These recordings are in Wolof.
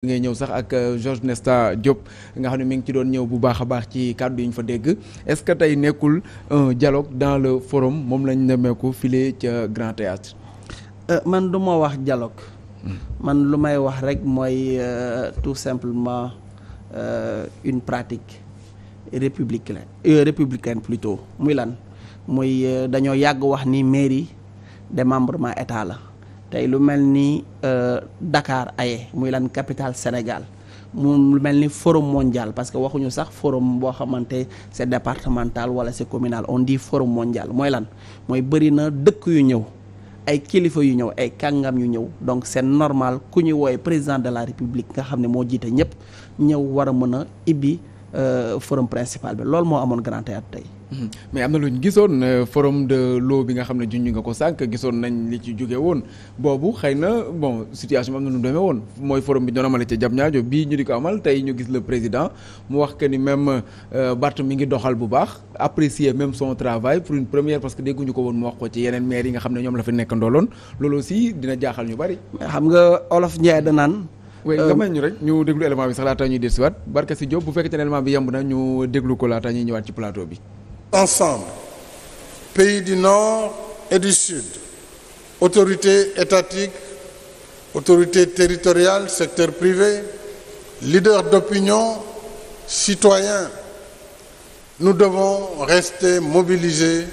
ngay ñëw sax ak euh, Georges Diop nga xam ne mi ngi ci doon ñëw bu baax a baax ci kàddu yi ñu fa dégg est-ce que tey nekkul un dans le forum moom lañ nemmeeku file ca Grand Théâtre euh, man du ma wax dialogue hmm. man lu may wax rek mooy euh, tout simplement euh, une pratique républicaine euh, républicaine plutôt muy lan muy dañoo yàgg wax ni mairie démembrement état la tey lu mel ni euh, Dakar aye muy lan capitale Sénégal mu mel ni forum mondial parce que waxuñu sax forum boo xamante c'est départemental wala c'est communal on dit forum mondial mooy lan mooy bëri na dëkk yu ñëw ay kilifa yu ñëw ay kàngam yu ñëw donc seen normal ku ñuy woowee président de la république nga xam ne moo jiite ñëpp ñëw war a mën a ibbi Euh, forum principal bi loolu moo amoon grand théâtre tey. Mhm. mais am na lu ñu gisoon euh, forum de l'eau bi nga xam ne junj nga ko sànq gisoon nañ li ci jóge woon boobu xëy na bon situation am na nu mu woon mooy forum bi ñu doon amale ca Diamniadio bii ñu di ko amal tey ñu gis le président mu wax que ni même euh, Barth mi ngi doxal bu baax apprécier même son travail pour première parce que dégguñu ko woon mu wax ko ci yeneen maire yi nga xam ne ñoom la fa nekk ndooloon loolu aussi jaaxal ñu bari. xam nga Olof Ndiaye da naan oui nga may ñu rek ñu déglu élément bi sax laataa ñuy desuwaat Barka Si Diop bu fekkee ne élément bi yemb na ñu déglu ko laataa ñuy ñëwaat ci plateau bi. ensemble pays du nord et du sud autorités étatiques autorités territoriales secteur privé leaders d'opinion citoyens nous devons rester mobilisés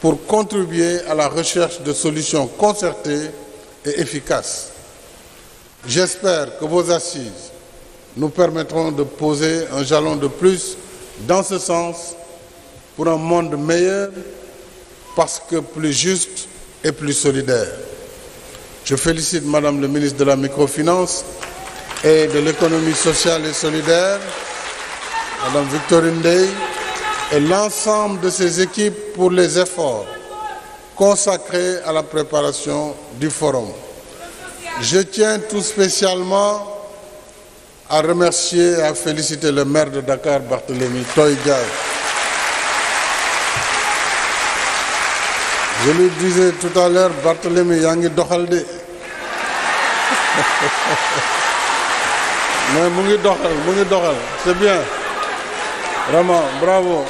pour contribuer à la recherche de solutions concertées et efficaces J'espère que vos assises nous permettront de poser un jalon de plus dans ce sens pour un monde meilleur parce que plus juste et plus solidaire. Je félicite Madame le ministre de la Microfinance et de l'économie sociale et solidaire, Madame Victorine Day, et l'ensemble de ses équipes pour les efforts consacrés à la préparation du forum. Je tiens tout spécialement à remercier et à féliciter le maire de Dakar, Barthélémy Toye Diaye. Je lui disais tout à l'heure Barthélémy yaa ngi doxal de mais mu ngi doxal mu ngi c'est bien vraiment bravo.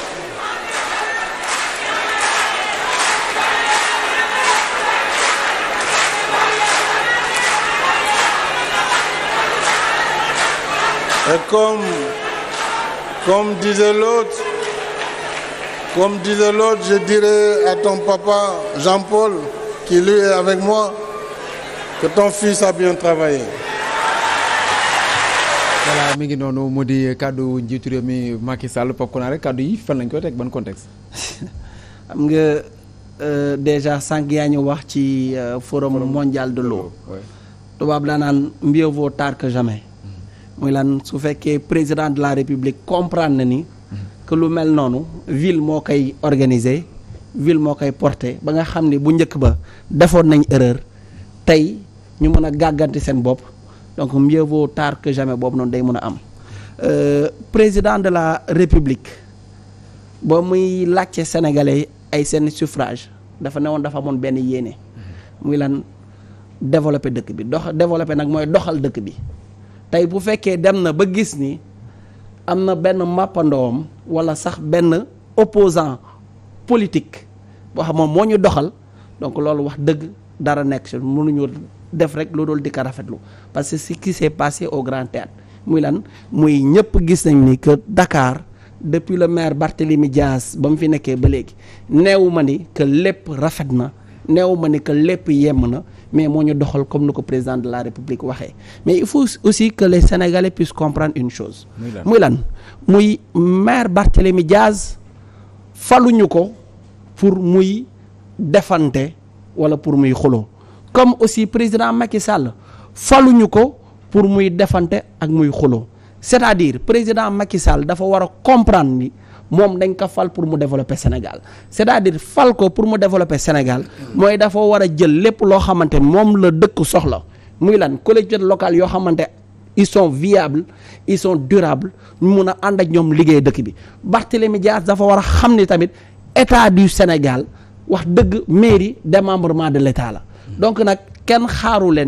Et comme, comme disait l'autre, comme disait l'autre, je dirais à ton papa Jean-Paul, qui lui est avec moi, que ton fils a bien travaillé. voilà mi ngi noonu mu di kàddu njiitu réew mi Macky Sall Pape Konaté kàddu yi fan lañ koy teg ban contexte. xam nga euh, déjà sànq yaa ñu wax ci euh, forum mondial de l'eau tubaab daa naan mieux vaut tard que jamais. muy lan su fekkee président de la république comprendre na ni que lu mel noonu ville moo koy organiser ville moo koy porter ba nga xam ni bu njëkk ba defoon nañ erreur tey ñu mën a gàgganti seen bopp donc mieux vaut tard que jamais boobu noonu day mun a am euh, président de la république ba muy laajte sénégalais ay seen suffrage dafa newoon dafa amoon benn yéene muy lan développer dëkk bi dox développer nag mooy doxal dëkk bi tey bu fekkee dem na ba gis ni am na benn màppandoom wala sax benn opposant politique wax xam moo ñu doxal donc loolu wax dëgg dara nekk ci mënuñu def rek lu dul di ko rafetlu parce que ce qui s'est passé au Grand Théâtre muy lan muy ñëpp gis nañ ni que dakaar depuis le maire Barthélémy Dias ba mu fi nekkee ba léegi neewu ma ni que lépp rafet na neewu ma ni que lépp yemm na mais moo ñu doxal comme nu ko président de la république waxee mais il faut aussi que les sénégalais puissent comprendre une chose muy lan muy maire Barthélémy falu ñu ko pour muy defante wala pour muy xuloo comme aussi président Macky Sall faluñu ko pour muy defante ak muy xuloo c'est-à-dire président Macky Sall dafa war a comprendre ni moom dañ ko fal pour mu développer Sénégal c'est-à-dire fal ko pour mu développer Sénégal mooy dafa war a jël lépp loo xamante moom la dëkk soxla muy lan collectivités locales yoo xamante ils sont viables ils sont durables ñu mun a ànd ak ñoom liggéey dëkk bi Barthélémy Dias dafa war a xam ni tamit état du Sénégal wax dëgg mairie démembrement de l'état la donc nag kenn xaaru